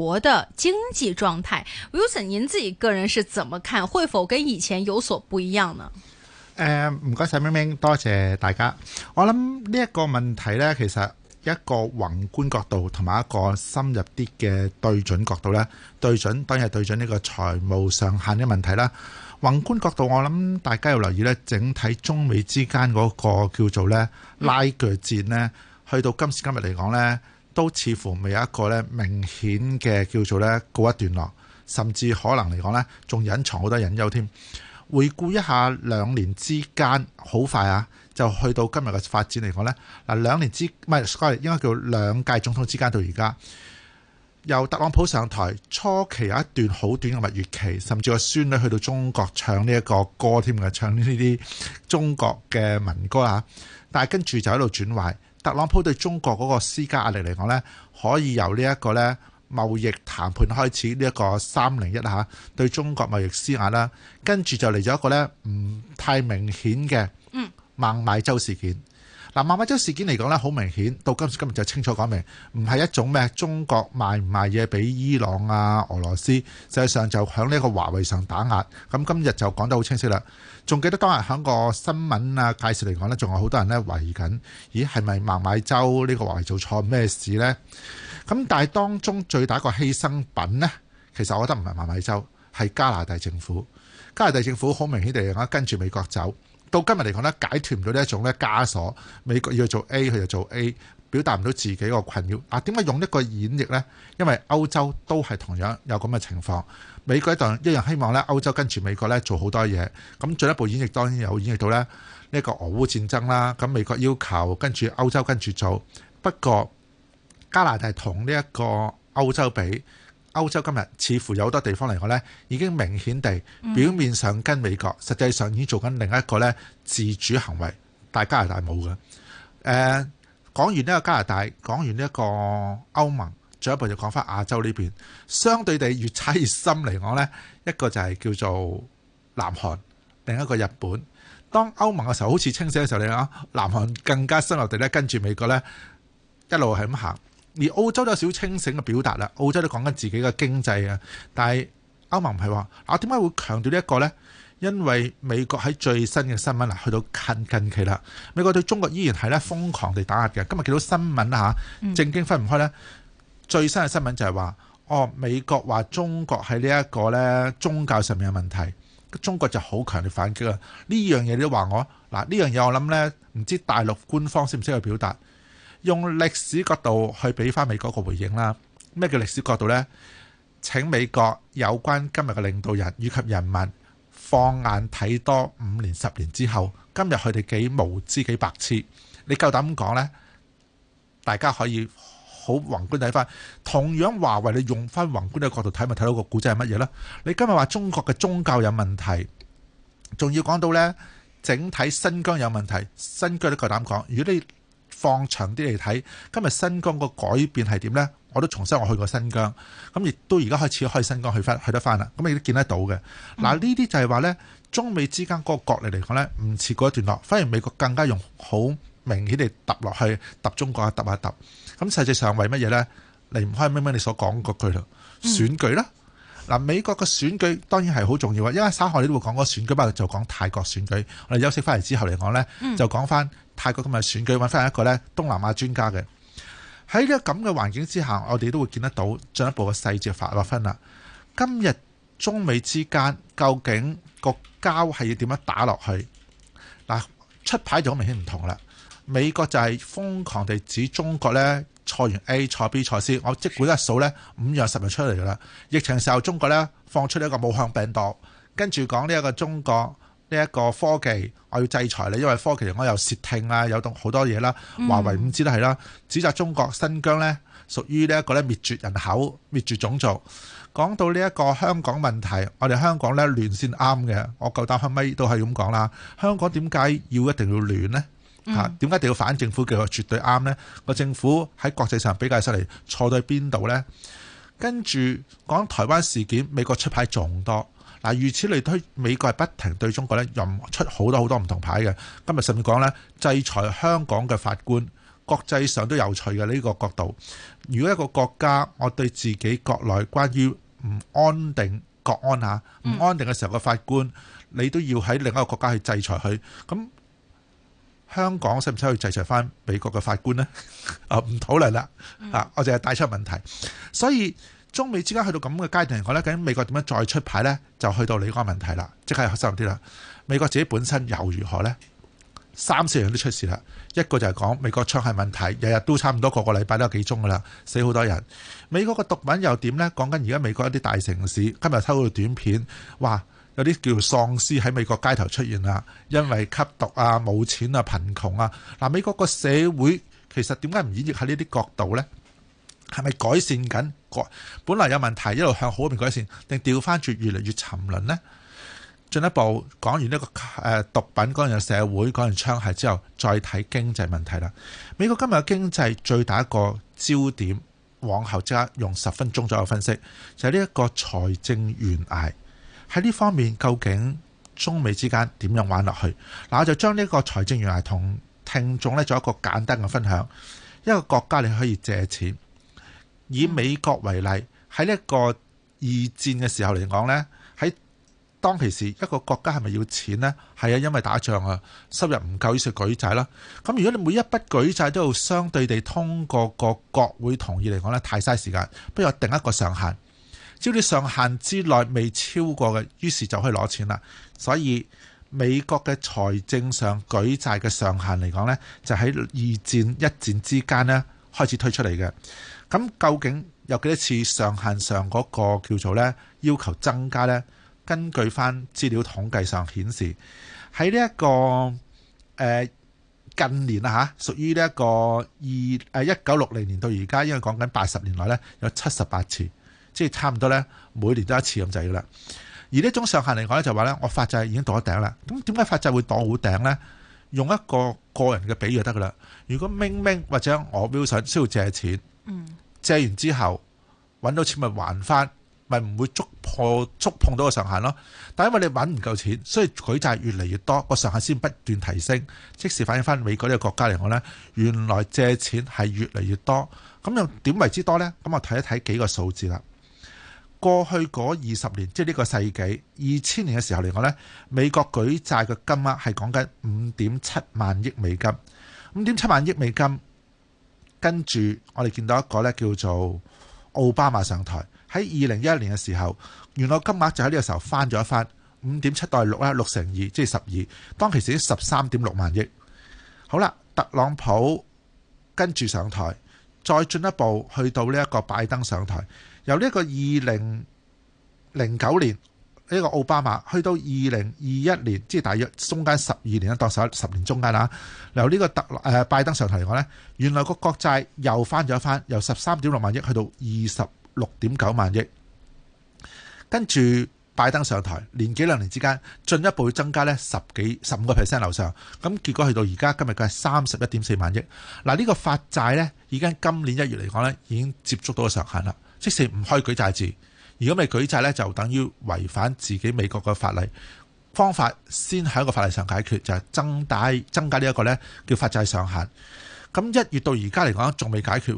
國的經濟狀態，Wilson，您自己個人是怎麼看，會否跟以前有所不一樣呢？誒、嗯，唔該晒，明明多謝大家。我諗呢一個問題咧，其實一個宏觀角度同埋一個深入啲嘅對準角度呢，對準當然係對準呢個財務上限嘅問題啦。宏觀角度，我諗大家要留意呢，整體中美之間嗰個叫做呢拉鋸戰呢，嗯、去到今時今日嚟講呢。都似乎未有一個咧明顯嘅叫做咧告一段落，甚至可能嚟講咧仲隱藏好多隱憂添。回顧一下兩年之間，好快啊，就去到今日嘅發展嚟講咧嗱，兩年之唔係，應該叫兩屆總統之間到而家，由特朗普上台初期有一段好短嘅蜜月期，甚至個孫女去到中國唱呢一個歌添嘅，唱呢啲中國嘅民歌啊，但係跟住就喺度轉壞。特朗普對中國嗰個施加壓力嚟講呢，可以由呢一個咧貿易談判開始，呢一個三零一嚇對中國貿易施壓啦，跟住就嚟咗一個咧唔太明顯嘅孟晚舟事件。嗱，孟晚舟事件嚟講咧，好明顯，到今時今日就清楚講明，唔係一種咩中國賣唔賣嘢俾伊朗啊、俄羅斯，實際上就響呢個華為上打壓。咁今日就講得好清晰啦。仲記得當日響個新聞啊介紹嚟講呢，仲有好多人咧懷疑緊，「咦係咪孟晚舟呢個華為做錯咩事呢？」咁但係當中最大一個犧牲品呢，其實我覺得唔係孟晚舟，係加拿大政府。加拿大政府好明顯地，跟住美國走。到今日嚟講咧，解脫唔到呢一種咧枷鎖。美國要做 A，佢就做 A，表達唔到自己個困擾。啊，點解用一個演繹呢？因為歐洲都係同樣有咁嘅情況。美國當一樣希望咧，歐洲跟住美國咧做好多嘢。咁進一步演繹當然有演繹到咧呢個俄烏戰爭啦。咁美國要求跟住歐洲跟住做，不過加拿大同呢一個歐洲比。歐洲今日似乎有好多地方嚟講呢，已經明顯地表面上跟美國，嗯、實際上已經做緊另一個咧自主行為，但加拿大冇嘅。誒、呃，講完呢個加拿大，講完呢一個歐盟，進一步就講翻亞洲呢邊，相對地越踩越深嚟講呢，一個就係叫做南韓，另一個日本。當歐盟嘅時候好似清醒嘅時候你講，南韓更加深入地咧跟住美國呢，一路係咁行。而澳洲都有少清醒嘅表達啦，澳洲都講緊自己嘅經濟啊，但係歐盟唔係話嗱，點解會強調呢一個呢？因為美國喺最新嘅新聞啊，去到近近期啦，美國對中國依然係咧瘋狂地打壓嘅。今日見到新聞啊，嗯、正經分唔開呢。最新嘅新聞就係話，哦，美國話中國喺呢一個咧宗教上面嘅問題，中國就好強烈反擊啦。呢樣嘢你都話我嗱，呢、啊、樣嘢我諗呢，唔知大陸官方識唔識去表達？用歷史角度去俾翻美國個回應啦。咩叫歷史角度呢？請美國有關今日嘅領導人以及人民放眼睇多五年、十年之後，今日佢哋幾無知幾白痴？你夠膽講呢？大家可以好宏觀睇翻。同樣華為你用翻宏觀嘅角度睇，咪睇到個古仔係乜嘢啦？你今日話中國嘅宗教有問題，仲要講到呢，整體新疆有問題，新疆都夠膽講？如果你放長啲嚟睇，今日新疆個改變係點呢？我都重新我去過新疆，咁亦都而家開始可以新疆去翻，去得翻啦。咁亦都見得到嘅。嗱、嗯，呢啲就係話呢中美之間嗰個角力嚟講呢，唔似嗰一段落，反而美國更加用好明顯地揼落去揼中國啊，揼一揼。咁實際上為乜嘢呢？離唔開咩咩？你所講嗰句啦，選舉啦。嗱、嗯，美國嘅選舉當然係好重要啊，因為稍後你都會講嗰選舉，不過就講泰國選舉。我哋休息翻嚟之後嚟講呢，就講翻、嗯。泰國今日選舉揾翻一個咧東南亞專家嘅，喺呢個咁嘅環境之下，我哋都會見得到進一步嘅細節劃劃分啦。今日中美之間究竟個交係要點樣打落去？嗱，出牌就明顯唔同啦。美國就係瘋狂地指中國咧錯完 A 錯 B 錯 C，我即管一數咧五樣十日出嚟噶啦。疫情時候中國咧放出呢一個武漢病毒，跟住講呢一個中國。呢一個科技，我要制裁你，因為科技我又竊聽啊，有好多好多嘢啦。嗯、華為唔知都係啦，指責中國新疆呢，屬於呢一個咧滅絕人口、滅絕種族。講到呢一個香港問題，我哋香港呢亂先啱嘅，我夠膽開咪都係咁講啦。香港點解要一定要亂呢？嚇、嗯，點解、啊、一定要反政府叫佢絕對啱呢？個政府喺國際上比較犀利，錯在邊度呢？跟住講台灣事件，美國出牌仲多。嗱，如此類推，美國係不停對中國咧，任出好多好多唔同牌嘅。今日甚至講呢，制裁香港嘅法官，國際上都有趣嘅呢個角度。如果一個國家，我對自己國內關於唔安定國安嚇唔安定嘅時候嘅法官，你都要喺另一個國家去制裁佢。咁香港使唔使去制裁翻美國嘅法官呢？啊，唔討論啦，啊，我淨係帶出問題，所以。中美之間去到咁嘅階段嚟講呢，究竟美國點樣再出牌呢？就去到你嗰個問題啦，即係深入啲啦。美國自己本身又如何呢？三四樣都出事啦，一個就係講美國槍械問題，日日都差唔多，個個禮拜都有幾宗噶啦，死好多人。美國個毒品又點呢？講緊而家美國一啲大城市今日收到短片，哇！有啲叫喪屍喺美國街頭出現啦，因為吸毒啊、冇錢啊、貧窮啊。嗱、啊，美國個社會其實點解唔演繹喺呢啲角度呢？係咪改善緊？本來有問題，一路向好面改善，定調翻住越嚟越沉淪呢？進一步講完呢、呢個、呃、毒品嗰樣、社會嗰樣、槍械之後，再睇經濟問題啦。美國今日嘅經濟最大一個焦點，往後即刻用十分鐘左右分析，就係呢一個財政懸崖。喺呢方面，究竟中美之間點樣玩落去？嗱，我就將呢一個財政懸崖同聽眾咧做一個簡單嘅分享。一個國家你可以借錢。以美國為例，喺呢一個二戰嘅時候嚟講呢，喺當其時一個國家係咪要錢呢？係啊，因為打仗啊，收入唔夠，於是舉債啦。咁如果你每一筆舉債都要相對地通過個國會同意嚟講呢，太嘥時間，不如定一個上限。只要你上限之內未超過嘅，於是就可以攞錢啦。所以美國嘅財政上舉債嘅上限嚟講呢，就喺二戰一戰之間呢開始推出嚟嘅。咁究竟有幾多次上限上嗰個叫做呢？要求增加呢？根據翻資料統計上顯示，喺呢一個、呃、近年啊，嚇，屬於呢一個二誒一九六零年到而家，因為講緊八十年內呢，有七十八次，即係差唔多呢，每年都一次咁滯㗎喇。而呢種上限嚟講呢，就話呢，我發債已經到咗頂啦。咁點解發債會到好頂呢？用一個個人嘅比喻就得噶啦。如果明明或者我表示需要借錢。嗯，借完之後，揾到錢咪還翻，咪唔會觸破觸碰到個上限咯。但係因為你揾唔夠錢，所以舉債越嚟越多，個上限先不斷提升，即時反映翻美國呢個國家嚟講呢，原來借錢係越嚟越多，咁又點為之多呢？咁我睇一睇幾個數字啦。過去嗰二十年，即係呢個世紀二千年嘅時候嚟講呢，美國舉債嘅金額係講緊五點七萬億美金，五點七萬億美金。跟住我哋見到一個咧，叫做奧巴馬上台喺二零一一年嘅時候，原來金額就喺呢個時候翻咗一番，五點七代六啦，六成二即係十二，當其時十三點六萬億。好啦，特朗普跟住上台，再進一步去到呢一個拜登上台，由呢一個二零零九年。呢個奧巴馬去到二零二一年，即、就、係、是、大約中間十二年一檔，十十年中間啦。由呢個特誒、呃、拜登上台嚟講呢，原來個國債又翻咗一番，由十三點六萬億去到二十六點九萬億。跟住拜登上台，年幾兩年之間進一步增加呢十幾十五個 percent 樓上，咁結果去到而家今日佢係三十一點四萬億。嗱、這個、呢個發債呢已經今年一月嚟講呢已經接觸到個上限啦。即使唔可以舉債字。如果未舉債咧，就等於違反自己美國嘅法例。方法先喺一個法例上解決，就係、是、增加增加呢一個咧叫發債上限。咁一月到而家嚟講仲未解決。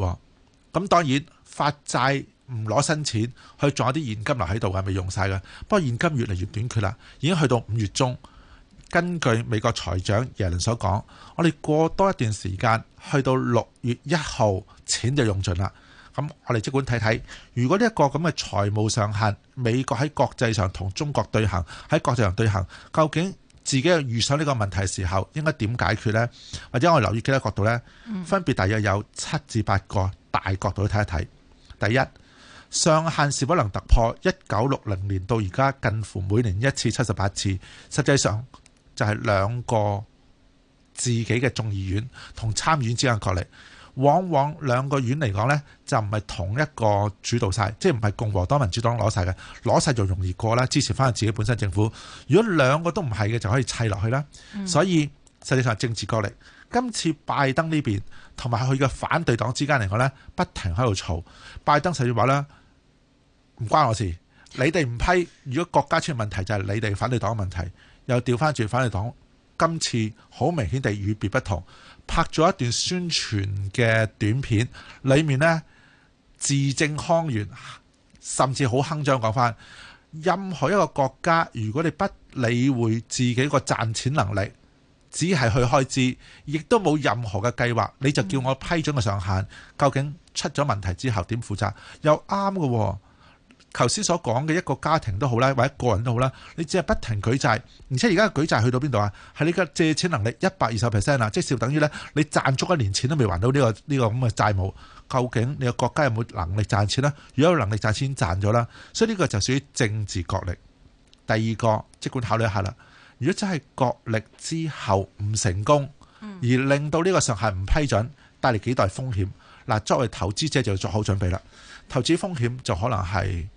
咁當然發債唔攞新錢，去仲有啲現金留喺度嘅，未用晒嘅。不過現金越嚟越短缺啦，已經去到五月中。根據美國財長耶倫所講，我哋過多一段時間，去到六月一號，錢就用盡啦。咁我哋即管睇睇，如果呢一個咁嘅財務上限，美國喺國際上同中國對行，喺國際上對行，究竟自己遇上呢個問題時候應該點解決呢？或者我哋留意其他角度呢，分別大約有七至八個大角度去睇一睇。第一，上限是否能突破，一九六零年到而家近乎每年一次七十八次，實際上就係兩個自己嘅眾議院同參議院之間角力。往往兩個院嚟講呢，就唔係同一個主導晒，即係唔係共和黨、民主黨攞晒嘅，攞晒就容易過啦，支持翻自己本身政府。如果兩個都唔係嘅，就可以砌落去啦。所以實際上政治角力。今次拜登呢邊同埋佢嘅反對黨之間嚟講呢，不停喺度嘈。拜登實要話啦：唔關我事，你哋唔批。如果國家出現問題，就係你哋反對黨嘅問題。又調翻轉反對黨，今次好明顯地與別不同。拍咗一段宣傳嘅短片，裏面呢，字正腔圓，甚至好鏗鏘講返：任何一個國家，如果你不理會自己個賺錢能力，只係去開支，亦都冇任何嘅計劃，你就叫我批准個上限，究竟出咗問題之後點負責？又啱㗎喎。頭先所講嘅一個家庭都好啦，或者個人都好啦，你只係不停舉債，而且而家舉債去到邊度啊？係你嘅借錢能力一百二十 percent 啦，即係等於呢：你賺足一年錢都未還到呢、呢個呢、呢個咁嘅債務。究竟你個國家有冇能力賺錢呢？如果有能力賺錢賺咗啦，所以呢個就屬於政治角力。第二個即管考慮一下啦。如果真係角力之後唔成功，而令到呢個上限唔批准，帶嚟幾大風險。嗱，作為投資者就要做好準備啦。投資風險就可能係～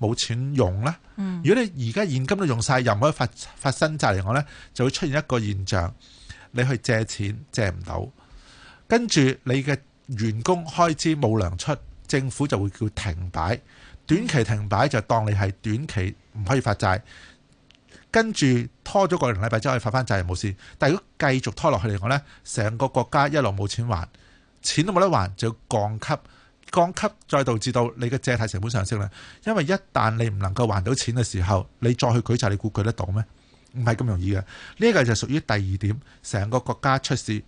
冇錢用咧，如果你而家現金都用晒，又唔可以發發新債嚟講呢，就會出現一個現象，你去借錢借唔到，跟住你嘅員工開支冇糧出，政府就會叫停擺，短期停擺就當你係短期唔可以發債，跟住拖咗個零禮拜之後，可以發翻債又冇事。但如果繼續拖落去嚟講呢，成個國家一路冇錢還，錢都冇得還，就要降級。降級再導致到你嘅借貸成本上升啦，因為一旦你唔能夠還到錢嘅時候，你再去舉債，你估計得到咩？唔係咁容易嘅。呢個就屬於第二點，成個國家出事。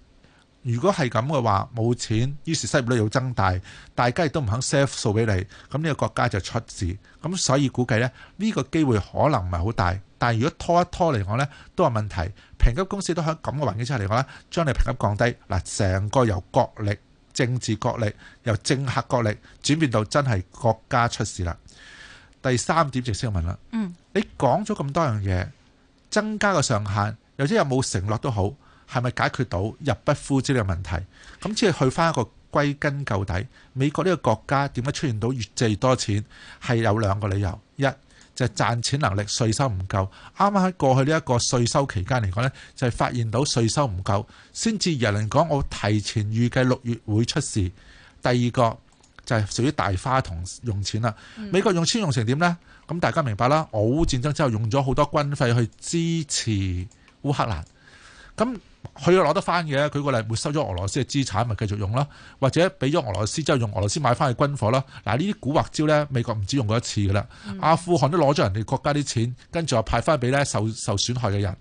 如果係咁嘅話，冇錢，於是失業率要增大，大家亦都唔肯 share 數俾你，咁呢個國家就出事。咁所以估計呢，呢個機會可能唔係好大。但係如果拖一拖嚟講呢，都有問題。評級公司都喺咁嘅環境之下嚟講呢，將你評級降低。嗱，成個由國力。政治角力由政客角力轉變到真係國家出事啦。第三點就先問啦，嗯，你講咗咁多樣嘢，增加個上限，又即係有冇承諾，都好，係咪解決到入不敷支呢個問題？咁、嗯、即係去翻一個歸根究底，美國呢個國家點解出現到越借越多錢，係有兩個理由一。就係賺錢能力，稅收唔夠。啱啱喺過去呢一個稅收期間嚟講，呢就係、是、發現到稅收唔夠，先至有人講我提前預計六月會出事。第二個就係屬於大花同用錢啦。美國用錢用成點呢？咁大家明白啦。俄烏戰爭之後用咗好多軍費去支持烏克蘭，咁。佢又攞得翻嘅，舉個例沒收咗俄羅斯嘅資產，咪繼續用咯，或者俾咗俄羅斯，之後用俄羅斯買翻去軍火咯。嗱，呢啲古惑招呢，美國唔止用過一次噶啦。嗯、阿富汗都攞咗人哋國家啲錢，跟住又派翻俾呢受受損害嘅人。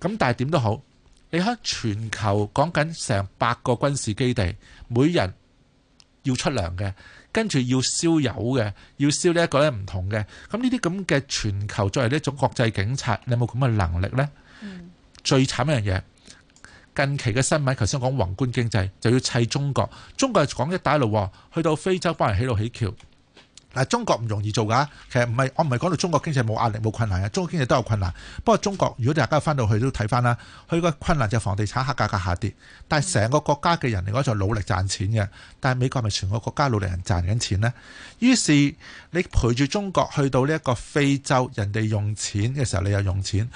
咁但係點都好，你喺全球講緊成百個軍事基地，每人要出糧嘅，跟住要燒油嘅，要燒呢一個咧唔同嘅。咁呢啲咁嘅全球作為呢一種國際警察，你有冇咁嘅能力呢？嗯、最慘一樣嘢。近期嘅新聞，頭先講宏觀經濟就要砌中國，中國係講一帶一路去到非洲幫人起路起橋。嗱，中國唔容易做㗎，其實唔係我唔係講到中國經濟冇壓力冇困難呀，中國經濟都有困難。不過中國如果大家翻到去都睇翻啦，佢嘅困難就係房地產嘅價格下跌。但係成個國家嘅人嚟講就努力賺錢嘅。但係美國係咪全個國家努力人賺緊錢呢？於是你陪住中國去到呢一個非洲，人哋用錢嘅時候，你又用錢。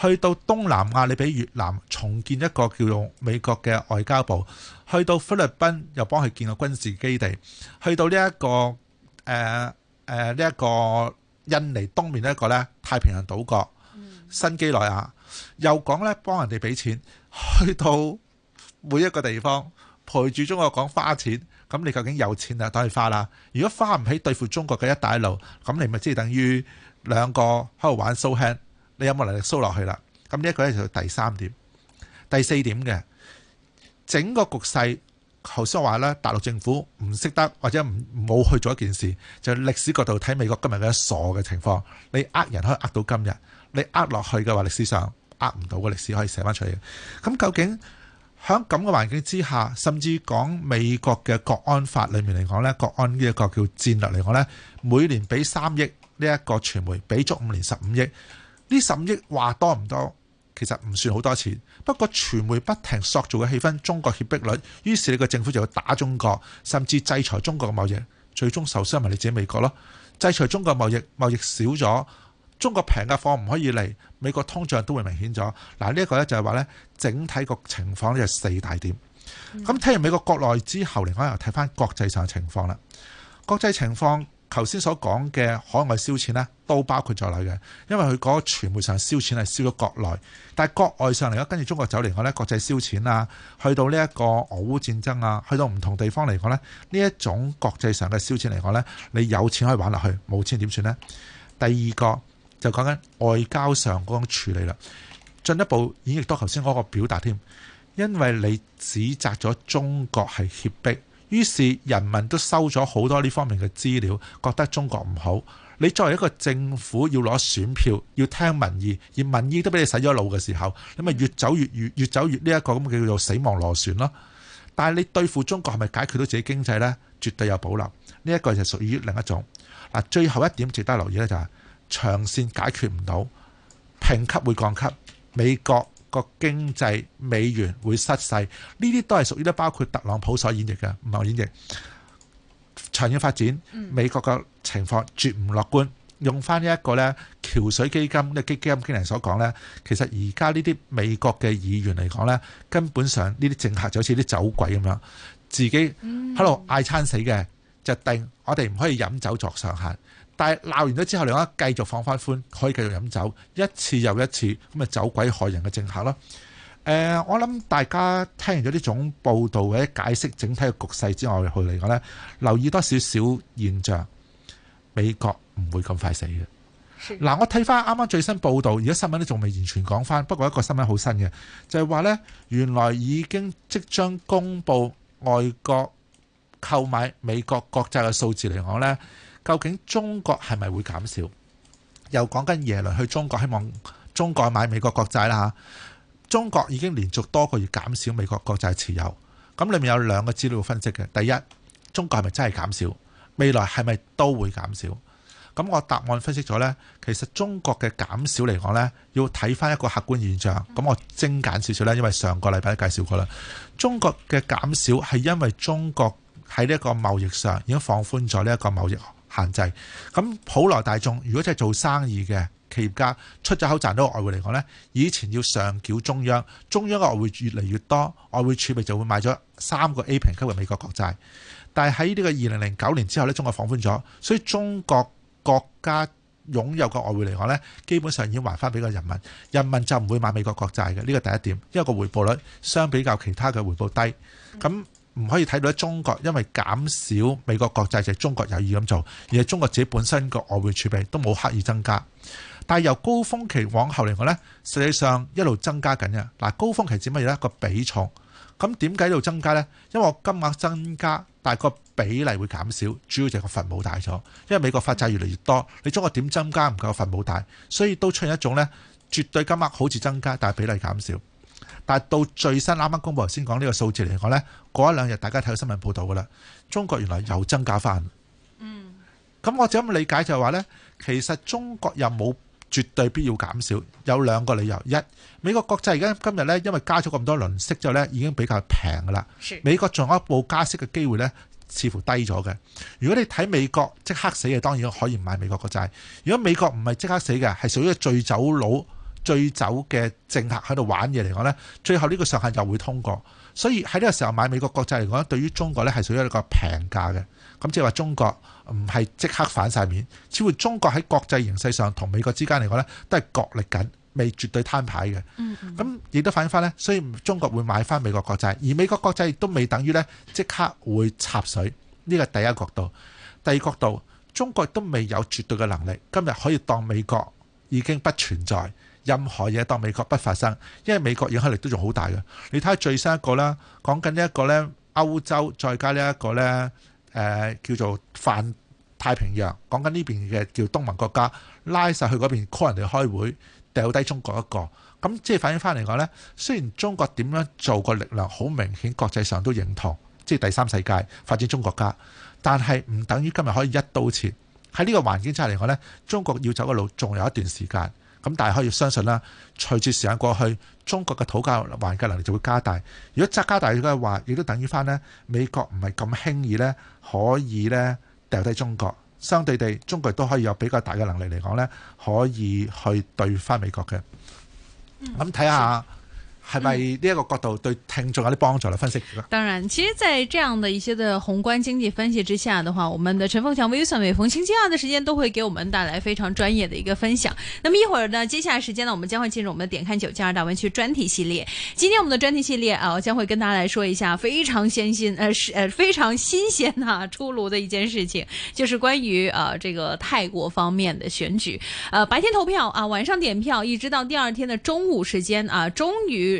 去到東南亞，你俾越南重建一個叫做美國嘅外交部；去到菲律賓又幫佢建個軍事基地；去到呢、這、一個誒誒呢一個印尼東面呢一個咧太平洋島國、嗯、新幾內亞，又講咧幫人哋俾錢；去到每一個地方陪住中國講花錢，咁你究竟有錢啊？等佢花啦！如果花唔起對付中國嘅一帶一路，咁你咪即係等於兩個喺度玩 show hand。你有冇能力收落去啦？咁呢一個咧就第三點，第四點嘅整個局勢，頭先我話咧，大陸政府唔識得或者唔冇去做一件事，就歷史角度睇美國今日嘅傻嘅情況，你呃人可以呃到今日，你呃落去嘅話，歷史上呃唔到嘅歷史可以寫翻出嚟。咁究竟喺咁嘅環境之下，甚至講美國嘅國安法裏面嚟講咧，國安呢一個叫戰略嚟講咧，每年俾三億呢一個傳媒，俾足五年十五億。呢十五億話多唔多？其實唔算好多錢。不過傳媒不停塑造嘅氣氛，中國脅迫率，於是你個政府就要打中國，甚至制裁中國嘅貿易，最終受傷咪你自己美國咯？制裁中國貿易，貿易少咗，中國平嘅貨唔可以嚟，美國通脹都會明顯咗。嗱呢一個咧就係話呢，整體個情況呢係四大點。咁聽、嗯、完美國國內之後，你可能又睇翻國際上嘅情況啦。國際情況。頭先所講嘅海外燒錢呢，都包括在內嘅，因為佢嗰個傳媒上的燒錢係燒咗國內，但係國外上嚟講，跟住中國走嚟講呢，國際燒錢啊，去到呢一個俄烏戰爭啊，去到唔同地方嚟講呢，呢一種國際上嘅燒錢嚟講呢，你有錢可以玩落去，冇錢點算呢？第二個就講緊外交上嗰種處理啦，進一步演繹到頭先嗰個表達添，因為你指責咗中國係脅迫。於是人民都收咗好多呢方面嘅資料，覺得中國唔好。你作為一個政府要攞選票，要聽民意，而民意都俾你洗咗腦嘅時候，你咪越走越越越走越呢、這、一個咁嘅叫做死亡螺旋咯。但係你對付中國係咪解決到自己經濟呢？絕對有保留。呢、這、一個就屬於另一種。嗱，最後一點值得留意咧、就是，就係長線解決唔到，評級會降級，美國。個經濟美元會失勢，呢啲都係屬於咧，包括特朗普所演繹嘅，唔係我演繹。長遠發展，美國嘅情況絕唔樂觀。用翻呢一個咧，橋水基金嘅、這個、基金經理所講咧，其實而家呢啲美國嘅議員嚟講咧，根本上呢啲政客就好似啲酒鬼咁樣，自己喺度嗌餐死嘅，就定我哋唔可以飲酒作上限。但係鬧完咗之後，你講繼續放翻寬，可以繼續飲酒，一次又一次，咁咪走鬼害人嘅政客咯。誒、呃，我諗大家聽完咗呢種報道或者解釋整體嘅局勢之外，去嚟講呢，留意多少少現象，美國唔會咁快死嘅。嗱是，我睇翻啱啱最新報道，而家新聞都仲未完全講翻，不過一個新聞好新嘅就係、是、話呢，原來已經即將公布外國購買美國國債嘅數字嚟講呢。究竟中國係咪會減少？又講緊耶倫去中國，希望中國買美國國債啦、啊。中國已經連續多個月減少美國國債持有，咁裏面有兩個資料分析嘅。第一，中國係咪真係減少？未來係咪都會減少？咁我答案分析咗呢。其實中國嘅減少嚟講呢，要睇翻一個客觀現象。咁、嗯、我精簡少少呢，因為上個禮拜都介紹過啦。中國嘅減少係因為中國喺呢一個貿易上已經放寬咗呢一個貿易限制咁，普羅大眾，如果真係做生意嘅企業家出咗口賺到外匯嚟講呢，以前要上繳中央，中央嘅外匯越嚟越多，外匯儲備就會買咗三個 A 評級嘅美國國債。但係喺呢個二零零九年之後呢，中國放寬咗，所以中國國家擁有嘅外匯嚟講呢，基本上已經還翻俾個人民，人民就唔會買美國國債嘅。呢個第一點，因為個回報率相比較其他嘅回報低，咁。嗯唔可以睇到咧，中國因為減少美國國債，就中國有意咁做，而係中國自己本身個外匯儲備都冇刻意增加。但係由高峯期往後嚟講咧，實際上一路增加緊嘅。嗱，高峯期指乜嘢咧？個比重。咁點解一路增加咧？因為我金額增加，但係個比例會減少，主要就係個分母大咗。因為美國發債越嚟越多，你中國點增加唔夠分母大，所以都出現一種咧，絕對金額好似增加，但係比例減少。但到最新啱啱公佈先講呢個數字嚟講，過一兩日大家睇到新聞報導㗎啦。中國原來又增加翻。嗯。咁我就咁理解就係話呢，其實中國又冇絕對必要減少，有兩個理由。一，美國國債而家今日呢，因為加咗咁多輪息就呢已經比較平嘅啦。美國仲有一步加息嘅機會呢，似乎低咗嘅。如果你睇美國即刻死嘅，當然可以唔買美國國債。如果美國唔係即刻死嘅，係屬於醉酒佬。醉酒嘅政客喺度玩嘢嚟講呢，最後呢個上限又會通過。所以喺呢個時候買美國國債嚟講，對於中國呢，係屬於一個平價嘅。咁即係話，中國唔係即刻反晒面，只會中國喺國際形勢上同美國之間嚟講呢，都係角力緊，未絕對攤牌嘅。咁亦、嗯嗯、都反映翻呢，所以中國會買翻美國國債，而美國國債都未等於呢，即刻會插水。呢個第一角度，第二角度，中國都未有絕對嘅能力，今日可以當美國已經不存在。任何嘢當美國不發生，因為美國影響力都仲好大嘅。你睇下最新一個啦，講緊呢一個呢，歐洲再加呢、這、一個呢，誒、呃、叫做泛太平洋，講緊呢邊嘅叫東盟國家拉晒去嗰邊 call 人哋開會，掉低中國一個。咁即係反映翻嚟講呢，雖然中國點樣做個力量好明顯，國際上都認同，即係第三世界發展中國家，但係唔等於今日可以一刀切，喺呢個環境之下嚟講呢，中國要走嘅路仲有一段時間。咁大家可以相信啦，隨住時間過去，中國嘅討價還價能力就會加大。如果再加大嘅話，亦都等於翻呢美國唔係咁輕易呢可以呢掉低中國。相對地，中國都可以有比較大嘅能力嚟講呢，可以去對翻美國嘅。咁睇下。嗯係咪呢一個角度對聽眾有啲幫助嚟分析？當然，其實在這樣的一些的宏觀經濟分析之下的話，我們的陳鳳翔微軟每逢星期二的時間都會給我們帶來非常專業的一個分享。那麼一會兒呢，接下來時間呢，我們將會進入我們的點看九加二大灣區專題系列。今天我們的專題系列啊，我將會跟大家來說一下非常先新，呃是呃非常新鮮啊，出爐的一件事情，就是關於啊、呃、這個泰國方面的選舉。呃白天投票啊、呃，晚上點票，一直到第二天的中午時間啊，終、呃、於。終於